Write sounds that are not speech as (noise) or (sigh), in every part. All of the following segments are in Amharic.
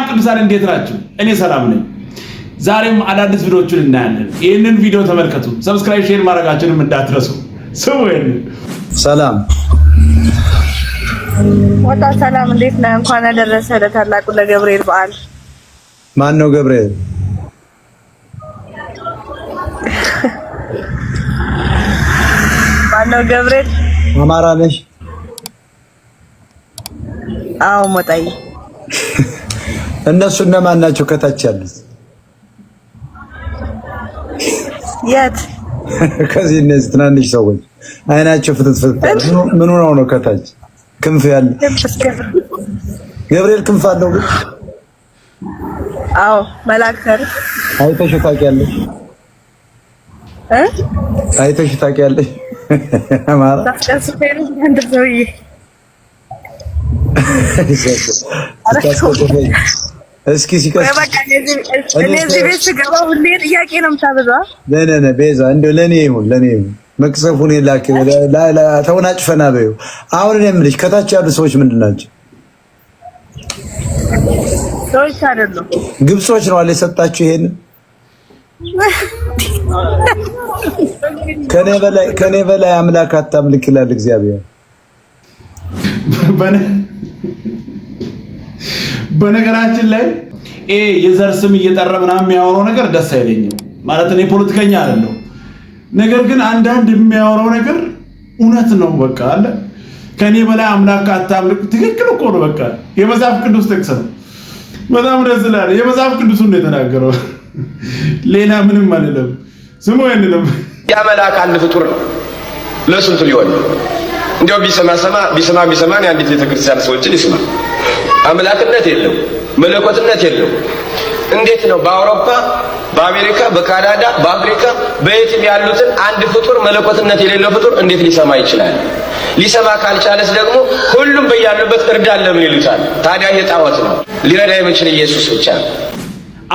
ሰላም ቅዱሳን እንዴት ናችሁ? እኔ ሰላም ነኝ። ዛሬም አዳዲስ ቪዲዮዎችን እናያለን። ይህንን ቪዲዮ ተመልከቱ፣ ሰብስክራይብ፣ ሼር ማድረጋችሁንም እንዳትረሱ። ስሙ ይህንን ሰላም ወጣት ሰላም እንዴት ነህ? እንኳን ያደረሰ ለታላቁ ለገብርኤል በዓል። ማን ነው ገብርኤል? ማን ነው ገብርኤል? አማራ ነሽ? አዎ ሞጣዬ እነሱ እነማን ናቸው? ከታች ያሉት የት? ከዚህ እነዚህ ትናንሽ ሰዎች አይናቸው ፍትት ፍትት ምን ነው ነው? ከታች ክንፍ ያለ ገብርኤል ክንፍ አለው ግን? አዎ መላከር አይተሽ ታውቂያለሽ? እ አይተሽ ታውቂያለሽ? አማራ ታስቀስፈኝ እስኪ ሲቀጥል እኔ እዚህ ቤት ስገባ ሁሌ ጥያቄ ነው የምታበዛ። ነነ ነ ቤዛ እንደው ለኔ ይሁን ለኔ ይሁን መቅሰፉን ላክ ተውናጭ በይው። አሁን እኔ የምልሽ ከታች ያሉ ሰዎች ምንድን ናቸው? ሰዎች አይደሉም ግብጾች ነው አለ የሰጣችሁ ይሄንን ከኔ በላይ ከኔ በላይ አምላክ አታምልክ ይላል እግዚአብሔር። በነገራችን ላይ ይሄ የዘር ስም እየጠራ ምናምን የሚያወራው ነገር ደስ አይለኝም። ማለት እኔ ፖለቲከኛ አይደለሁ፣ ነገር ግን አንዳንድ የሚያወራው ነገር እውነት ነው። በቃ አለ ከኔ በላይ አምላክ አታምልክ። ትክክል እኮ ነው። በቃ የመጽሐፍ ቅዱስ ጥቅስ ነው። በጣም ደስ ይላል። የመጽሐፍ ቅዱስ ነው የተናገረው። ሌላ ምንም አይደለም። ስሙ አይደለም። ያ መልአክ አንድ ፍጡር ነው። ለስንቱ ሊሆን እንዲያው ቢሰማ ሰማ ቢሰማ ቢሰማ አንዲት ቤተክርስቲያን ሰዎችን ይስማል አምላክነት የለው፣ መለኮትነት የለው። እንዴት ነው በአውሮፓ፣ በአሜሪካ፣ በካናዳ፣ በአፍሪካ በየትም ያሉትን አንድ ፍጡር መለኮትነት የሌለው ፍጡር እንዴት ሊሰማ ይችላል? ሊሰማ ካልቻለስ ደግሞ ሁሉም በያሉበት እርዳን ለምን ይሉታል? ታዲያ የጣዖት ነው። ሊረዳ የሚችል ኢየሱስ ብቻ ነው።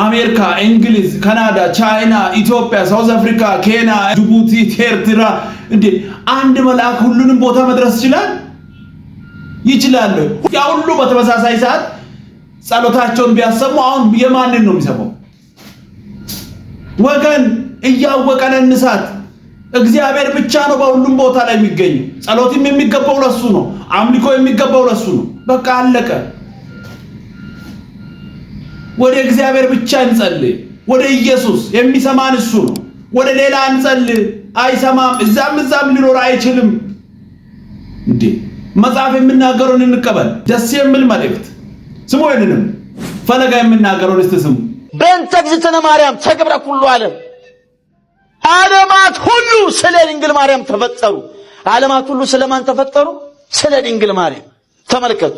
አሜሪካ፣ እንግሊዝ፣ ካናዳ፣ ቻይና፣ ኢትዮጵያ፣ ሳውዝ አፍሪካ፣ ኬንያ፣ ጅቡቲ፣ ኤርትራ እንዴ አንድ መልአክ ሁሉንም ቦታ መድረስ ይችላል? ይችላሉ። ያ ሁሉ በተመሳሳይ ሰዓት ጸሎታቸውን ቢያሰሙ አሁን የማንን ነው የሚሰማው? ወገን እያወቀን እንሳት። እግዚአብሔር ብቻ ነው በሁሉም ቦታ ላይ የሚገኝ። ጸሎትም የሚገባው ለሱ ነው። አምልኮ የሚገባው ለሱ ነው። በቃ አለቀ። ወደ እግዚአብሔር ብቻ እንጸልይ፣ ወደ ኢየሱስ የሚሰማን እሱ ነው። ወደ ሌላ እንጸልይ፣ አይሰማም። እዛም እዛም ሊኖር አይችልም እንዴ መጽሐፍ የምናገረውን እንቀበል። ደስ የሚል መልእክት ስሙ። ይንንም ፈለጋ የምናገረውን እስቲ ስሙ። በእንተ እግዝእትነ ማርያም ተገብረ ኩሉ ዓለም ዓለማት ሁሉ ስለ ድንግል ማርያም ተፈጠሩ። ዓለማት ሁሉ ስለማን ተፈጠሩ? ስለ ድንግል ማርያም። ተመልከቱ፣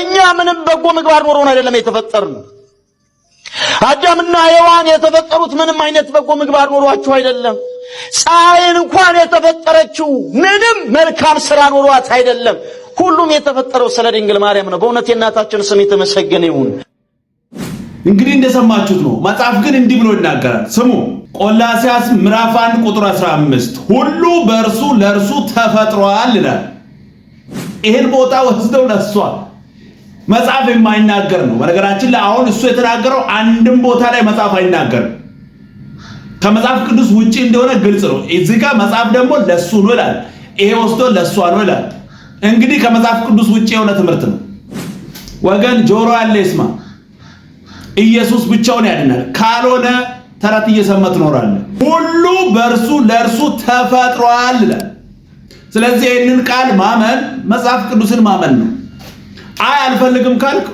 እኛ ምንም በጎ ምግባር ኖሮን አይደለም የተፈጠርነው። አዳምና ሔዋን የተፈጠሩት ምንም አይነት በጎ ምግባር ኖሯችሁ አይደለም። ፀሐይን እንኳን የተፈጠረችው ምንም መልካም ስራ ኖሯት አይደለም። ሁሉም የተፈጠረው ስለ ድንግል ማርያም ነው። በእውነት የእናታችን ስም የተመሰገነ ይሁን። እንግዲህ እንደሰማችሁት ነው። መጽሐፍ ግን እንዲህ ብሎ ይናገራል። ስሙ ቆላሲያስ ምዕራፍ 1 ቁጥር 15 ሁሉ በእርሱ ለእርሱ ተፈጥሯል ይላል። ይህን ቦታ ወስደው ለሷል መጽሐፍ የማይናገር ነው። በነገራችን ላይ አሁን እሱ የተናገረው አንድም ቦታ ላይ መጽሐፍ አይናገርም። ከመጽሐፍ ቅዱስ ውጪ እንደሆነ ግልጽ ነው። እዚህ ጋር መጽሐፍ ደግሞ ለሱ ነው ይላል፣ ይሄ ወስዶ ለሷ ነው ይላል። እንግዲህ ከመጽሐፍ ቅዱስ ውጪ የሆነ ትምህርት ነው ወገን። ጆሮ ያለ ይስማ። ኢየሱስ ብቻውን ያድናል። ካልሆነ ተረት እየሰማ ትኖራለህ። ሁሉ በእርሱ ለእርሱ ተፈጥሯል ይላል። ስለዚህ ይህንን ቃል ማመን መጽሐፍ ቅዱስን ማመን ነው። አይ አልፈልግም ካልክ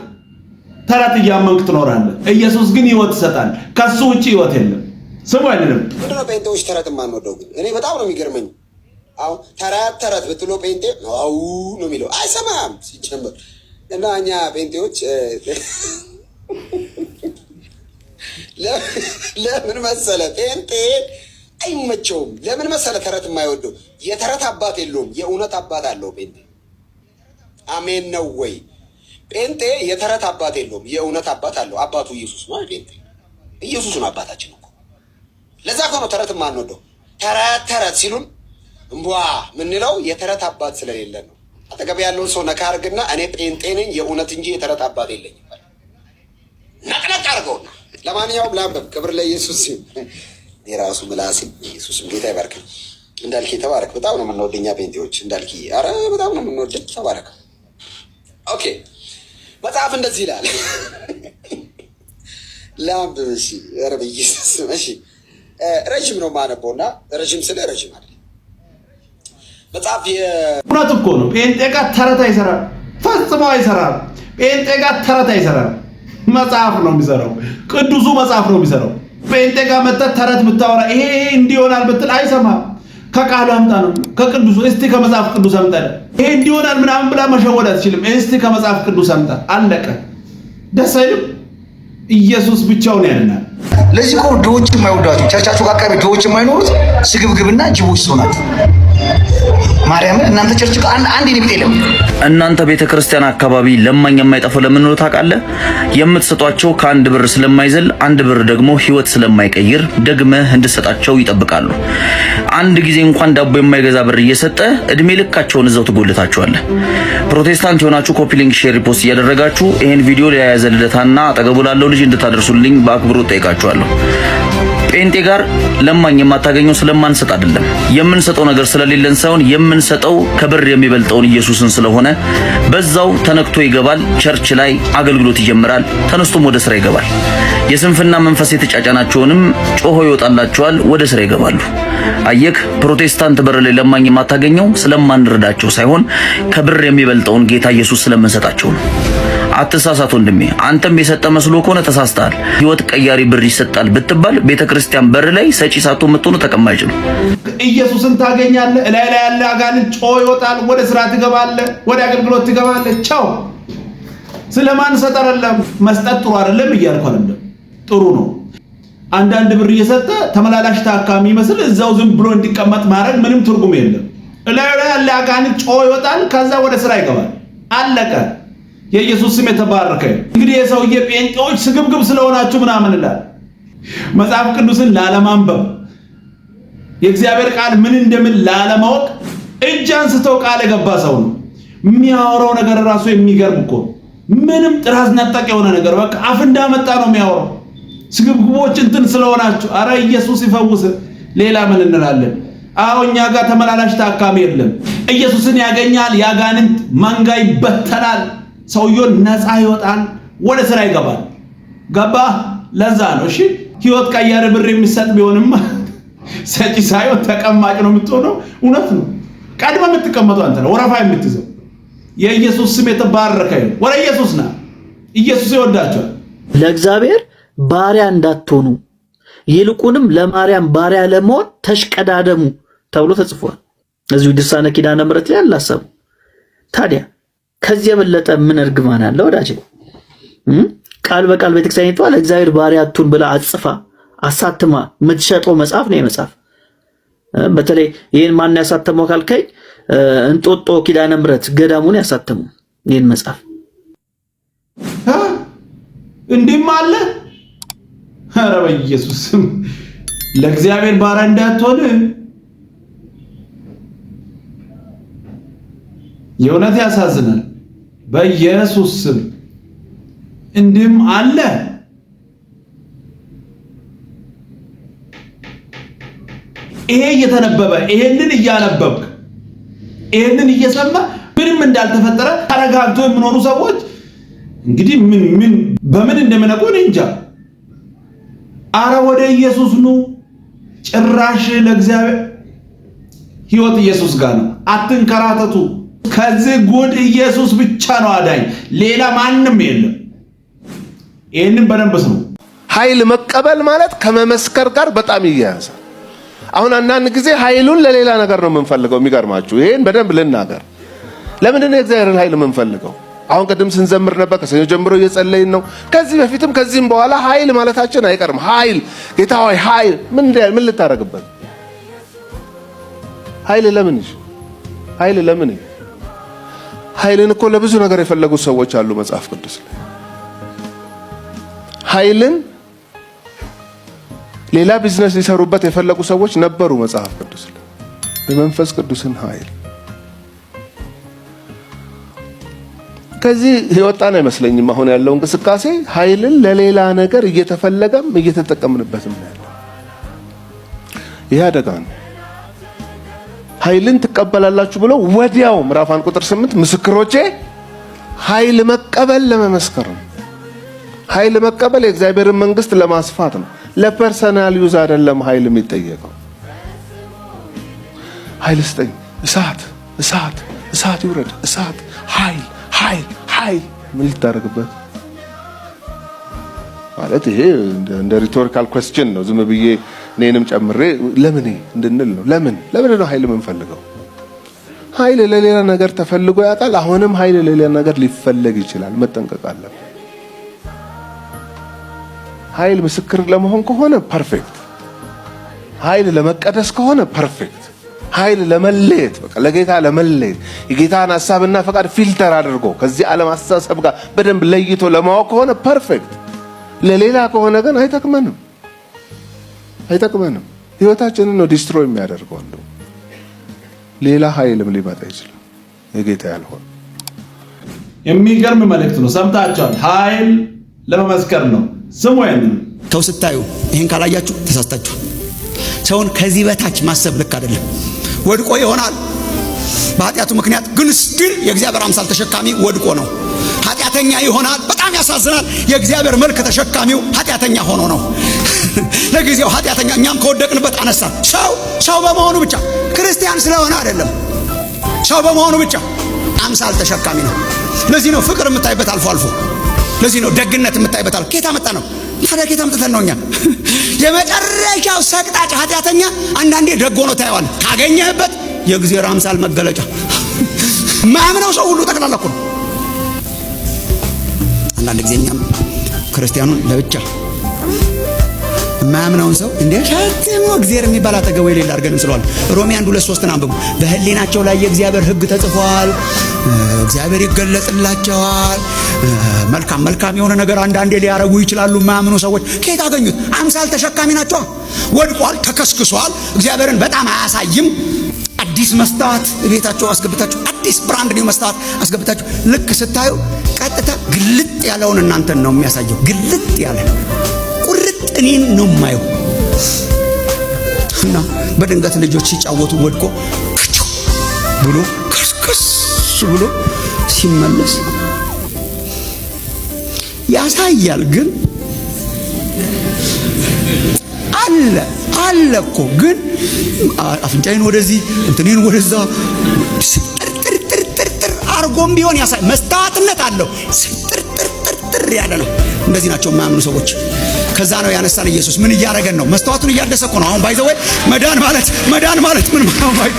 ተረት እያመንክ ትኖራለህ። ኢየሱስ ግን ህይወት ይሰጣል። ከሱ ውጪ ህይወት የለም። ስሙ አይደለም ምንድነው? ጴንጤዎች ተረት የማንወደው ግን እኔ በጣም ነው የሚገርመኝ። አሁን ተረት ተረት ብትሎ ጴንጤ አው ነው የሚለው አይሰማም ሲጀምር እና እኛ ጴንጤዎች ለምን መሰለ ጴንጤ አይመቸውም። ለምን መሰለ ተረት የማይወደው የተረት አባት የለውም። የእውነት አባት አለው ጴንጤ። አሜን ነው ወይ? ጴንጤ የተረት አባት የለውም። የእውነት አባት አለው። አባቱ ኢየሱስ ነው። ጴንጤ ኢየሱስ ነው ለዛ እኮ ነው ተረት የማንወደው። ተረት ተረት ሲሉን እምቧ የምንለው የተረት አባት ስለሌለ ነው። አጠገብ ያለውን ሰው ነካ አርግና እኔ ጴንጤ ነኝ የእውነት እንጂ የተረት አባት የለኝም። ነቅነቅ አድርገውና ለማንኛውም ላንበብ። ክብር ለኢየሱስ ሲል የራሱ ምላስ ኢየሱስ ጌታ ይባርክ። እንዳልክ ተባረክ። በጣም ነው የምንወደኛ ጴንጤዎች እንዳልክ፣ አረ በጣም ነው የምንወደድ። ተባረክ። ኦኬ መጽሐፍ እንደዚህ ይላል። (laughs) ላምብ እሺ፣ ኧረ ኢየሱስ እሺ ረዥም ነው ማነበው እና ረዥም ስለ ረዥም አለ መጽሐፍ እውነት እኮ ነው። ጴንጤ ጋር ተረት አይሰራም፣ ፈጽሞ አይሰራም። ጴንጤ ጋር ተረት አይሰራም። መጽሐፍ ነው የሚሰራው፣ ቅዱሱ መጽሐፍ ነው የሚሰራው። ጴንጤ ጋር መጠት ተረት ብታወራ ይሄ እንዲሆናል ብትል አይሰማም። ከቃሉ አምጣ ነው ከቅዱሱ እስቲ ከመጽሐፍ ቅዱስ አምጣ። ይሄ እንዲሆናል ምናምን ብላ መሸወድ አትችልም። እስቲ ከመጽሐፍ ቅዱስ አምጣ። አለቀ። ደስ አይልም። ኢየሱስ ብቻውን ያድናል። ለዚህ እኮ ድሆች የማይወዷቸው ቸርቻቸው አካባቢ ድሆች የማይኖሩት ስግብግብና ጅቦች ሰው ናቸው። ማርያምን እናንተ ቸርች አንድ ንብት የለም። እናንተ ቤተ ክርስቲያን አካባቢ ለማኝ የማይጠፋው ለምን ነው ታውቃለህ? የምትሰጧቸው ከአንድ ብር ስለማይዘል አንድ ብር ደግሞ ህይወት ስለማይቀይር ደግመህ እንድሰጣቸው ይጠብቃሉ። አንድ ጊዜ እንኳን ዳቦ የማይገዛ ብር እየሰጠ እድሜ ልካቸውን እዛው ትጎልታቸዋለህ። ፕሮቴስታንት የሆናችሁ ኮፒ ሊንክ፣ ሼር፣ ፖስት እያደረጋችሁ ይህን ቪዲዮ ለያዘ ልደታና አጠገቡ ላለው ልጅ እንድታደርሱልኝ በአክብሮት ጠይቃችኋለሁ። ጴንጤ ጋር ለማኝ የማታገኘው ስለማንሰጥ አይደለም። የምንሰጠው ነገር ስለሌለን ሳይሆን የምንሰጠው ከብር የሚበልጠውን ኢየሱስን ስለሆነ በዛው ተነክቶ ይገባል። ቸርች ላይ አገልግሎት ይጀምራል። ተነስቶም ወደ ስራ ይገባል። የስንፍና መንፈስ የተጫጫናቸውንም ጮሆ ይወጣላቸዋል፣ ወደ ስራ ይገባሉ። አየክ፣ ፕሮቴስታንት በር ላይ ለማኝ የማታገኘው ስለማንረዳቸው ሳይሆን ከብር የሚበልጠውን ጌታ ኢየሱስ ስለምንሰጣቸው ነው። አትሳሳት ወንድሜ። አንተም የሰጠ መስሎ ከሆነ ተሳስተሃል። ህይወት ቀያሪ ብር ይሰጣል ብትባል ቤተክርስቲያን በር ላይ ሰጪ ሳቶ የምትሆኑ ተቀማጭ ነው። ኢየሱስን ታገኛለ፣ እላይ ላይ ያለ አጋንንት ጮ ይወጣል። ወደ ስራ ትገባለ ወደ አገልግሎት ትገባለ ቻው። ስለማን ሰጠረለም መስጠት ጥሩ አይደለም እያልኩ አይደለም፣ ጥሩ ነው። አንዳንድ ብር እየሰጠ ተመላላሽ ታካሚ ይመስል እዛው ዝም ብሎ እንዲቀመጥ ማድረግ ምንም ትርጉም የለም። እላዩ ላይ ያለ አጋንንት ጮ ይወጣል፣ ከዛ ወደ ስራ ይገባል። አለቀ። የኢየሱስ ስም የተባረከ። እንግዲህ የሰውዬ ጴንጤዎች ስግብግብ ስለሆናችሁ ምናምን ይላል። መጽሐፍ ቅዱስን ላለማንበብ የእግዚአብሔር ቃል ምን እንደምን ላለማወቅ እጅ አንስተው ቃል የገባ ሰው ነው። የሚያወራው ነገር ራሱ የሚገርም እኮ ምንም ጥራዝ ነጠቅ የሆነ ነገር በቃ አፍ እንዳመጣ ነው የሚያወራው። ስግብግቦች እንትን ስለሆናችሁ፣ አረ ኢየሱስ ይፈውስ። ሌላ ምን እንላለን? አዎ እኛ ጋር ተመላላሽ ታካሚ የለም። ኢየሱስን ያገኛል፣ ያጋንንት መንጋ ይበተናል። ሰውየው ነፃ ይወጣል፣ ወደ ስራ ይገባል። ገባ። ለዛ ነው እሺ፣ ህይወት ቀያሪ ብር የሚሰጥ ቢሆንም (laughs) ሰጪ ሳይሆን ተቀማጭ ነው የምትሆነው። እውነት ነው። ቀድመ የምትቀመጠው አንተ ነው፣ ወረፋ የምትይዘው። የኢየሱስ ስም የተባረከ ይሁን። ወደ ኢየሱስ ና። ኢየሱስ ይወዳቸዋል። ለእግዚአብሔር ባሪያ እንዳትሆኑ ይልቁንም ለማርያም ባሪያ ለመሆን ተሽቀዳደሙ ተብሎ ተጽፏል። እዚሁ ድርሳነ ኪዳነ ምሕረት ላይ አላሰቡ ታዲያ ከዚህ የበለጠ ምን እርግማን አለ ወዳጅ? ቃል በቃል ቤተክርስቲያኒቷ ለእግዚአብሔር ባሪያቱን ብላ አጽፋ አሳትማ የምትሸጠው መጽሐፍ ነው። የመጽሐፍ በተለይ ይህን ማን ያሳተመው ካልከኝ እንጦጦ ኪዳነ ምሕረት ገዳሙን ያሳተሙ ይህን መጽሐፍ እንዲህም አለ። ኧረ በኢየሱስ ስም ለእግዚአብሔር ባሪያ እንዳትሆን የእውነት ያሳዝናል። በኢየሱስ ስም እንዲህም አለ ይሄ እየተነበበ ይሄንን እያነበብክ ይሄንን እየሰማ ምንም እንዳልተፈጠረ ተረጋግቶ የሚኖሩ ሰዎች እንግዲህ ምን ምን በምን እንደሚነቁ እኔ እንጃ። አረ ወደ ኢየሱስ ኑ። ጭራሽ ለእግዚአብሔር ሕይወት ኢየሱስ ጋር ነው። አትንከራተቱ። ከዚህ ጉድ ኢየሱስ ብቻ ነው አዳኝ፣ ሌላ ማንም የለም። ይህንም በደንብ ስሙ። ኃይል መቀበል ማለት ከመመስከር ጋር በጣም ይያያዛል። አሁን አንዳንድ ጊዜ ኃይሉን ለሌላ ነገር ነው የምንፈልገው። የሚገርማችሁ ይህን በደንብ ልናገር። ለምንድን ነው የእግዚአብሔርን ኃይል የምንፈልገው? አሁን ቅድም ስንዘምር ነበር። ከሰኞ ጀምሮ እየጸለይን ነው። ከዚህ በፊትም ከዚህም በኋላ ኃይል ማለታችን አይቀርም። ኃይል ጌታ ሆይ ኃይል ምን ምን ልታደርግበት ኃይል ለምን ኃይል ለምን ኃይልን እኮ ለብዙ ነገር የፈለጉ ሰዎች አሉ መጽሐፍ ቅዱስ ላይ። ኃይልን ሌላ ቢዝነስ ሊሰሩበት የፈለጉ ሰዎች ነበሩ መጽሐፍ ቅዱስ ላይ። የመንፈስ ቅዱስን ኃይል ከዚህ የወጣ ነው አይመስለኝም። አሁን ያለው እንቅስቃሴ ኃይልን ለሌላ ነገር እየተፈለገም እየተጠቀምንበትም ያለው ይህ አደጋ ነው። ኃይልን ትቀበላላችሁ ብሎ ወዲያው ምዕራፍ አንድ ቁጥር ስምንት ምስክሮቼ ኃይል መቀበል ለመመስከር ነው። ኃይል መቀበል የእግዚአብሔርን መንግስት ለማስፋት ነው። ለፐርሰናል ዩዝ አይደለም። ኃይል የሚጠየቀው ኃይል ስጠኝ፣ እሳት እሳት እሳት ይውረድ፣ እሳት ኃይል ኃይል ኃይል ምን ልታደርግበት ማለት ይሄ እንደ ሪቶሪካል ኮስችን ነው ዝም ብዬ እኔንም ጨምሬ ለምን እንድንል ነው። ለምን ለምን ነው ኃይል የምንፈልገው? ኃይል ለሌላ ነገር ተፈልጎ ያውቃል። አሁንም ኃይል ለሌላ ነገር ሊፈለግ ይችላል። መጠንቀቅ አለብን። ኃይል ምስክር ለመሆን ከሆነ ፐርፌክት፣ ኃይል ለመቀደስ ከሆነ ፐርፌክት፣ ኃይል ለመለየት በቃ ለጌታ ለመለየት የጌታን ሐሳብና ፈቃድ ፊልተር አድርጎ ከዚህ ዓለም አስተሳሰብ ጋር በደንብ ለይቶ ለማወቅ ከሆነ ፐርፌክት። ለሌላ ከሆነ ግን አይጠቅመንም። አይጠቅመንም። ህይወታችንን ነው ዲስትሮይ የሚያደርገው። እንደው ሌላ ኃይልም ሊመጣ ይችላል የጌታ ያልሆነ። የሚገርም መልእክት ነው። ሰምታችኋል። ኃይል ለመመስከር ነው ስሙ። ተው ስታዩ ይህን ካላያችሁ ተሳስታችኋል። ሰውን ከዚህ በታች ማሰብ ልክ አይደለም። ወድቆ ይሆናል በኃጢአቱ ምክንያት ግን ስቲል የእግዚአብሔር አምሳል ተሸካሚ ወድቆ ነው። ኃጢአተኛ ይሆናል። በጣም ያሳዝናል። የእግዚአብሔር መልክ ተሸካሚው ኃጢአተኛ ሆኖ ነው። ለጊዜው ኃጢአተኛ እኛም ከወደቅንበት አነሳ። ሰው ሰው በመሆኑ ብቻ ክርስቲያን ስለሆነ አይደለም። ሰው በመሆኑ ብቻ አምሳል ተሸካሚ ነው። ለዚህ ነው ፍቅር የምታይበት አልፎ አልፎ። ለዚህ ነው ደግነት የምታይበት አልፎ። ኬታ መጣ ነው ታዲያ ኬታ መጥተን ነው እኛ (laughs) የመጨረሻው ሰቅጣጭ ኃጢአተኛ አንዳንዴ ደግ ሆኖ ታየዋል። ካገኘህበት የእግዚአብሔር አምሳል መገለጫ (laughs) ማምነው ሰው ሁሉ ጠቅላላ እኮ ነው። አንዳንድ ጊዜ እኛም ክርስቲያኑን ለብቻ የማያምነውን ሰው እንዴ ፈጽሞ እግዚአብሔር የሚባል አጠገቡ የሌለ አድርገን ስለዋል። ሮሜ አንድ ሁለት ሶስትን አንብቡ። በህሊናቸው ላይ የእግዚአብሔር ህግ ተጽፏል። እግዚአብሔር ይገለጥላቸዋል። መልካም መልካም የሆነ ነገር አንዳንዴ ሊያረጉ ይችላሉ። የማያምኑ ሰዎች ከየት አገኙት? አምሳል ተሸካሚ ናቸዋ። ወድቋል፣ ተከስክሷል። እግዚአብሔርን በጣም አያሳይም። አዲስ መስታወት ቤታቸው አስገብታችሁ አዲስ ብራንድ ኒው መስታወት አስገብታችሁ ልክ ስታዩ ቀጥታ ግልጥ ያለውን እናንተን ነው የሚያሳየው። ግልጥ ያለ እኔን ነው የማየው እና በድንገት ልጆች ሲጫወቱ ወድቆ ክቸው ብሎ ከስከስ ብሎ ሲመለስ ያሳያል። ግን አለ አለ እኮ ግን አፍንጫይን ወደዚህ እንትኔን ወደዛ ስጥርጥርጥርጥርጥር አርጎም ቢሆን ያሳይ መስታወትነት አለው። ስጥርጥርጥርጥር ያለ ነው። እንደዚህ ናቸው የማያምኑ ሰዎች። ከዛ ነው ያነሳን ኢየሱስ። ምን እያደረገን ነው? መስተዋቱን እያደሰ እኮ ነው። አሁን ባይዘወይ መዳን ማለት መዳን ማለት ምን ማለት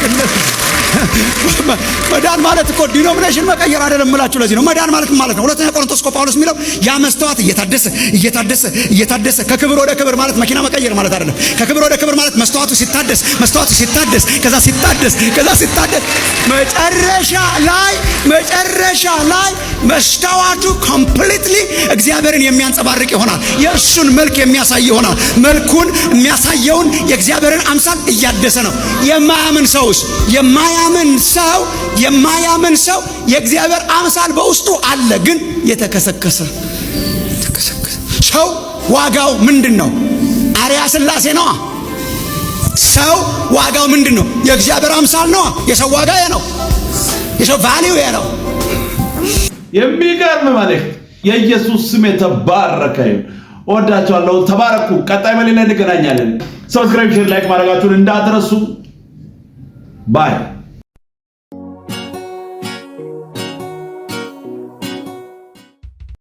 (laughs) መዳን ማለት እኮ ዲኖሚኔሽን መቀየር አይደለም እምላችሁ። ለዚህ ነው መዳን ማለት ማለት ነው። ሁለተኛ ቆሮንቶስ እኮ ጳውሎስ የሚለው ያ መስተዋት እየታደሰ እየታደሰ እየታደሰ ከክብር ወደ ክብር ማለት መኪና መቀየር ማለት አይደለም። ከክብር ወደ ክብር ማለት መስተዋቱ ሲታደስ መስተዋቱ ሲታደስ ከዛ ሲታደስ ከዛ ሲታደስ መጨረሻ ላይ መጨረሻ ላይ መስተዋቱ ኮምፕሊትሊ እግዚአብሔርን የሚያንጸባርቅ ይሆናል። የእሱን መልክ የሚያሳይ ይሆናል። መልኩን የሚያሳየውን የእግዚአብሔርን አምሳል እያደሰ ነው። የማያምን ሰውስ የማያ የማያምን ሰው የማያምን ሰው የእግዚአብሔር አምሳል በውስጡ አለ፣ ግን የተከሰከሰ ሰው ዋጋው ምንድን ነው? አርያ ሥላሴ ነዋ። ሰው ዋጋው ምንድን ነው? የእግዚአብሔር አምሳል ነዋ። የሰው ዋጋ ነው፣ የሰው ቫሊው ነው። የሚገርም መልእክት። የኢየሱስ ስም የተባረከ ይሁን። እወዳችኋለሁ። ተባረኩ። ቀጣይ በሌላ እንገናኛለን። ሰብስክራይብ፣ ሼር፣ ላይክ ማድረጋችሁን እንዳትረሱ። ባይ